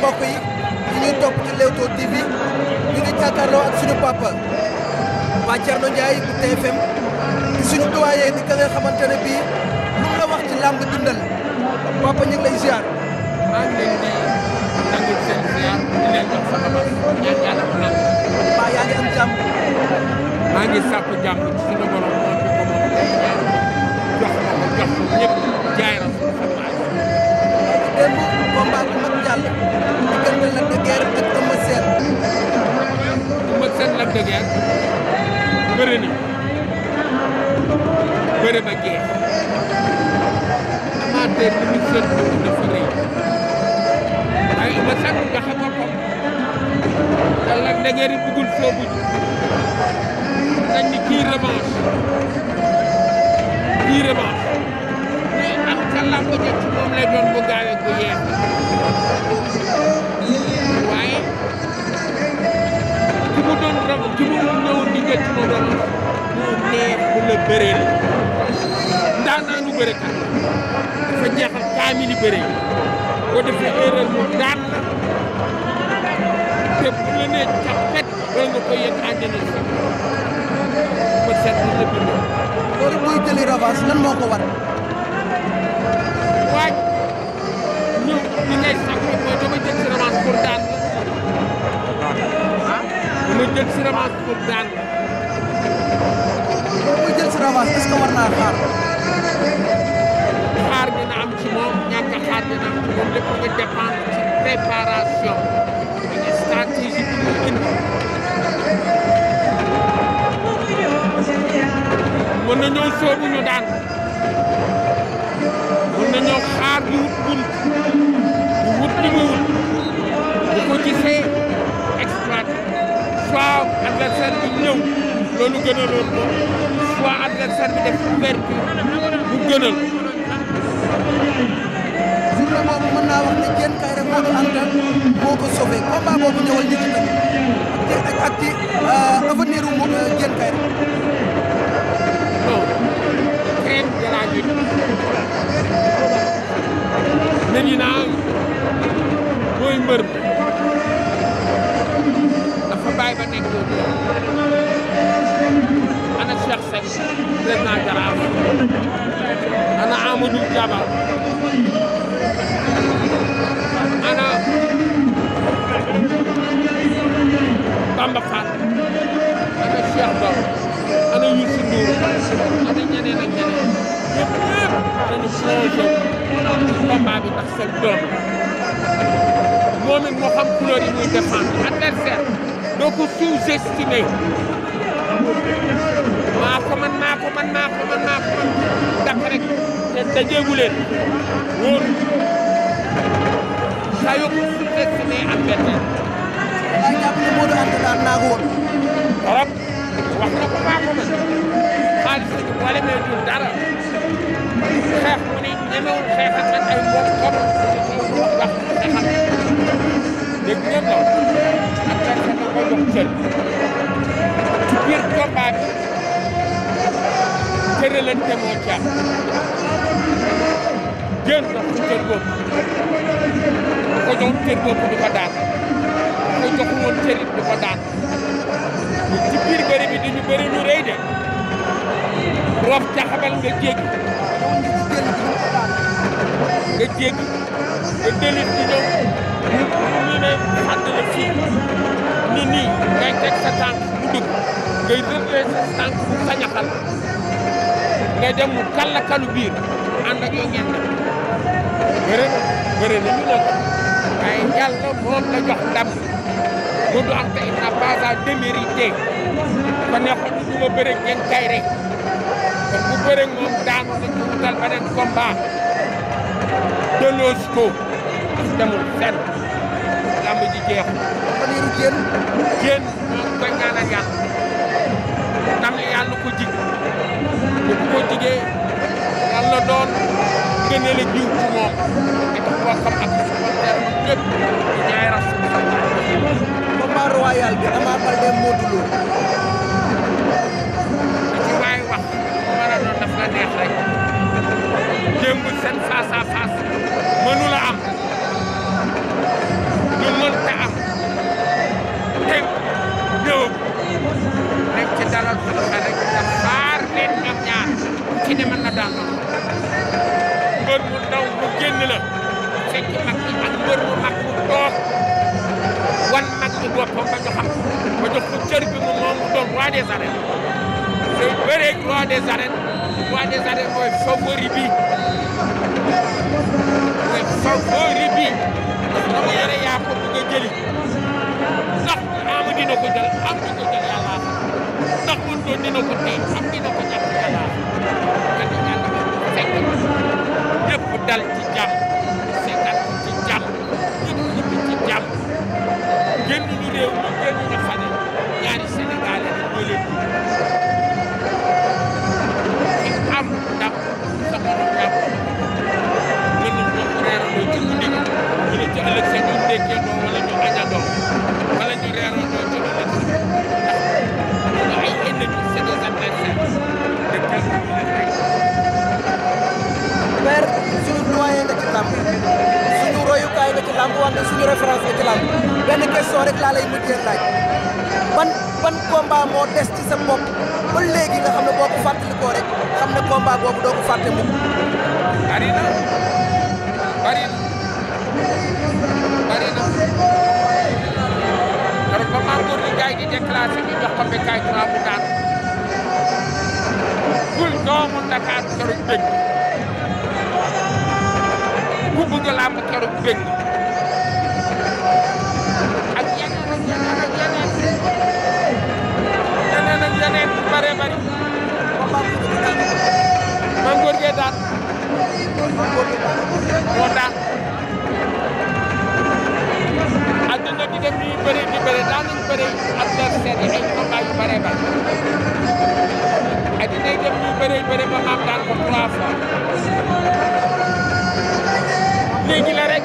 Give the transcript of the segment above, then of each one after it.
mbokk yi ñu ñuy topp ci Leewtoo TV ñu ngi jàkkaarloo ak suñu papa waa Thierno Ndiaye bu TFM di suñu doyen di ka nga bii lu mu wax ci làmb dundal papa ñu ngi lay ziar. maa ngi leen di ci suñu bopp. de guerre bëri na bëri ba jeex amateur li muy seetlu dafa rëy waaye lu ma sàkk nga xam boppam te nag da ngeen di bëggul soobu ji nañ ni kii revanche kii revanche mais am kàllaama jot ci moom lay doon bu gaawee bu yeex maanaam ki mu ñëwoon di njëkk moo doon mu neex bu la bëree la ndaanaanu bëre kat dafa jeexal kaamili bëree boo defee erreur mu daan la te bu la nee cappet wala nga koy yëg àjjana ci ba set li la bindoo. loolu mooy jëli revanche lan moo ko war. waaj ñëw li ngay sàkk mooy dama jël revanche daan nga jël si revanche pour daan la. boo koy jël si revanche est-ce que war naa xaar. xaar dina am ci moom ñàkk xaar dina am ci moom lépp nga dépendre ci préparation ak stratégie bi mu indi. mën na ñëw soobu ñu daan mën na ñëw xaar di wut bunt di wut li muy wut bu ko gisee. adversaire bi ñëw loolu gënaloon ko soit adversaire bi def ouverture bu gënal. journée boobu mën naa wax ne kenn kay rek moo ko àndal moo ko sauvé combat boobu ñëwal ñu ci dëkk ak ak ci euh, avenir wu kenn kay rek. non kenn jëlaat ñu. nañu naa mooy mbër. bàyyi ba nekk ana Cheikh Seck président Jaraaf ana Amadou Diaba ana Bamba Fall ana Cheikh Ba ana Youssou Ndour ana ñeneen ak ñeneen ñëpp ñëpp dañu plongé ci combat bi ndax seen doom moom it moo xam couleur yi muy défendre adversaire doo ko sous-estimé maa ko man maa ko man maa ko man maa te dajeegu leen wóoru saa yoo ko sous-estimé jox cër ci biir combat bi cëralante moo ci jën jox ko cër boobu ko jox cër boobu du ko daan jox woon cër it du ko daan ci biir bëri bi dañu bëri ñu rëy de rob taxabal nga jéggi nga jéggi nga dellu ci ñoom ñu ñu ne fànn la fii ni nii ngay teg sa tànk mu dugg ngay rëbee sa tànk bu sañaxal ngay dem mu kàlla kalu biir ànd ak yow ngeen dem bëre bëre na ñu nag waaye yàlla moom la jox ndam Modou Anta il n'a pas à démériter ba neexoon du ma bëre ngeen kay rek kon bu bëre moom daanu na ci wutal beneen combat delloosi ko demul fenn lamb ji jeexul. Fadilou Diène. Diène moom koy ñaanal yàlla tam yàlla ko jig bu doon gënal a jiw ci moom di ko boo xam ak supporter bi ñëpp di ñaay rasu. combat royal bi Ama daw mu génn la fekk mag ñi ak mbër mu mag mu toog wan mag ñi boppam ba ñu xam ba jox ko cër bi mu moom mu doon roi des arènes te bëreeg roi des arènes roi des arènes mooy favori bi mooy favori bi ndax dama yore yaa ko bëgg a jëli ndax ama dina ko jël am na ko jël yàlla ndax mun doon dina ko tey am dina ko ñàkk yàlla fekk dal ci jàmm seetal ci jàmm ñëpp ñibbi ci jàmm génn ñu réew mi génn ñu xam ne ñaari Sénégal yi ñoo leen di am ndam sax ñu jàpp gën ñu ko réeraloo ci guddi ñu ne ci ëllëg seen ñu déggee doom wala ñu aña doom làmb suñu royukaay la ci làmb wante suñu référence la ci làmb benn question rek laa lay mujjee laaj ban ban combat moo des ci sa bopp ba léegi nga xam ne boo ko rek xam ne combat boobu doo ko mu ko mbékaay trois bu daan gul doomu Dakar keroog dégg ku bëgg làmb keroog bëgg ak yeneen ak yeneen ak yeneen yeneen ak yeneen yu bëree bëri man góor gee daal moo daal adduna di def yu bëri di bëri daal nañu bëri adversaire yi ay combat yu bëree bëri adduna yi def yu bëri bëri ba maam daan ko trois fois léegi la rek.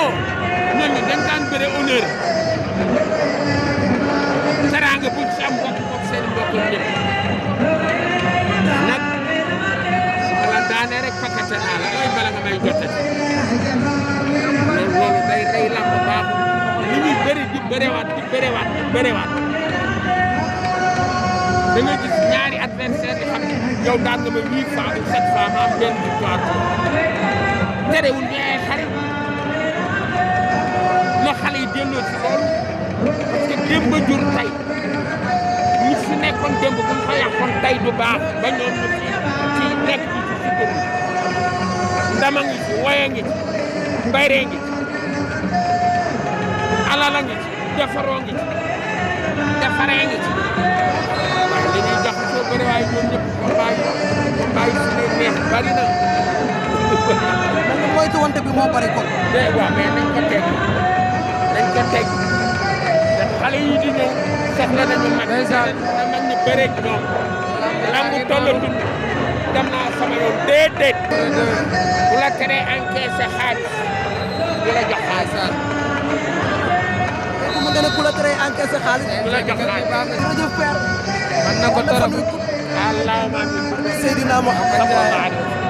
Oh, non ñooñu dañ daan bëre honneur. teraanga buñ ci am bokk bokk seen mbokk ñëpp. nag wala daane rek pakete naa la looy bala nga may jote. loolu loolu day day lamb baaxul li muy bëri di bërewaat di bërewaat di bërewaat da yow daan ma 800 ou 700 benn victoire terewul ñu ay xarit na xale yi delloo ci loolu parce que jur tey ñi fi nekkoon démb bu ñu ko yàqoon tey du baax ba ñoom ñu ci nekk ci ci dëkk ndama ngi ci ngi ci ngi alala ngi ci ngi ci ngi bëri waaye ñoom ñëpp combat yi combat yi suñu neex bari na. moom moytu wante bi moo bari kon. dégg nga waaw mais nañ ko teg nañ ko teg te xale yi di ñëw soxla nañu mag. ndeysaan na mag ñu bëree ak ñoom. lambu tollatul dem naa sama yoon déedéet. bu la créé encaissé xaalis bu la jox xaalis. ku la créé encaissé xaalis. bu la jox xaalis jërëjëf père. man na ko torop Seydina Muhammad